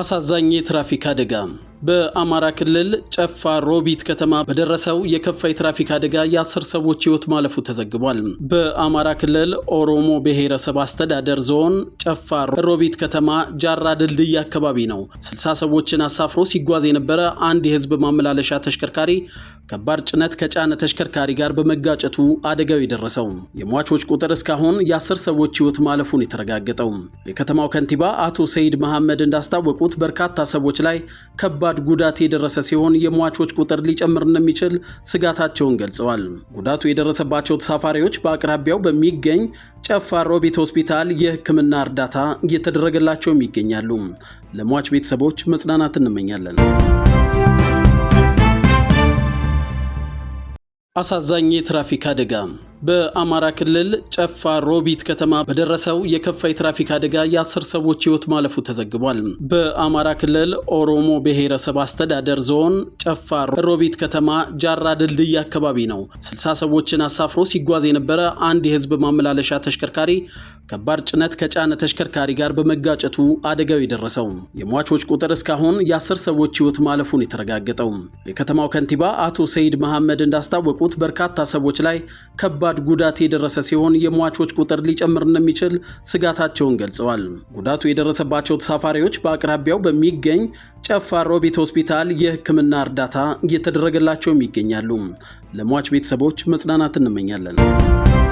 አሳዛኝ የትራፊክ አደጋ በአማራ ክልል ጨፋ ሮቢት ከተማ በደረሰው የከፋ የትራፊክ አደጋ የአስር ሰዎች ህይወት ማለፉ ተዘግቧል። በአማራ ክልል ኦሮሞ ብሔረሰብ አስተዳደር ዞን ጨፋ ሮቢት ከተማ ጃራ ድልድይ አካባቢ ነው። ስልሳ ሰዎችን አሳፍሮ ሲጓዝ የነበረ አንድ የህዝብ ማመላለሻ ተሽከርካሪ ከባድ ጭነት ከጫነ ተሽከርካሪ ጋር በመጋጨቱ አደጋው የደረሰው። የሟቾች ቁጥር እስካሁን የአስር ሰዎች ሕይወት ማለፉን የተረጋገጠው። የከተማው ከንቲባ አቶ ሰይድ መሐመድ እንዳስታወቁት በርካታ ሰዎች ላይ ከባድ ጉዳት የደረሰ ሲሆን የሟቾች ቁጥር ሊጨምር እንደሚችል ስጋታቸውን ገልጸዋል። ጉዳቱ የደረሰባቸው ተሳፋሪዎች በአቅራቢያው በሚገኝ ጨፋ ሮቢት ሆስፒታል የሕክምና እርዳታ እየተደረገላቸውም ይገኛሉ። ለሟች ቤተሰቦች መጽናናት እንመኛለን። አሳዛኝ የትራፊክ አደጋ በአማራ ክልል ጨፋ ሮቢት ከተማ በደረሰው የከፋ የትራፊክ አደጋ የአስር ሰዎች ሕይወት ማለፉ ተዘግቧል። በአማራ ክልል ኦሮሞ ብሔረሰብ አስተዳደር ዞን ጨፋ ሮቢት ከተማ ጃራ ድልድይ አካባቢ ነው። ስልሳ ሰዎችን አሳፍሮ ሲጓዝ የነበረ አንድ የህዝብ ማመላለሻ ተሽከርካሪ ከባድ ጭነት ከጫነ ተሽከርካሪ ጋር በመጋጨቱ አደጋው የደረሰው። የሟቾች ቁጥር እስካሁን የአስር ሰዎች ሕይወት ማለፉን የተረጋገጠው የከተማው ከንቲባ አቶ ሰይድ መሐመድ እንዳስታወቁት በርካታ ሰዎች ላይ ከባድ ከባድ ጉዳት የደረሰ ሲሆን የሟቾች ቁጥር ሊጨምር እንደሚችል ስጋታቸውን ገልጸዋል። ጉዳቱ የደረሰባቸው ተሳፋሪዎች በአቅራቢያው በሚገኝ ጨፋ ሮቢት ሆስፒታል የሕክምና እርዳታ እየተደረገላቸውም ይገኛሉ። ለሟች ቤተሰቦች መጽናናት እንመኛለን።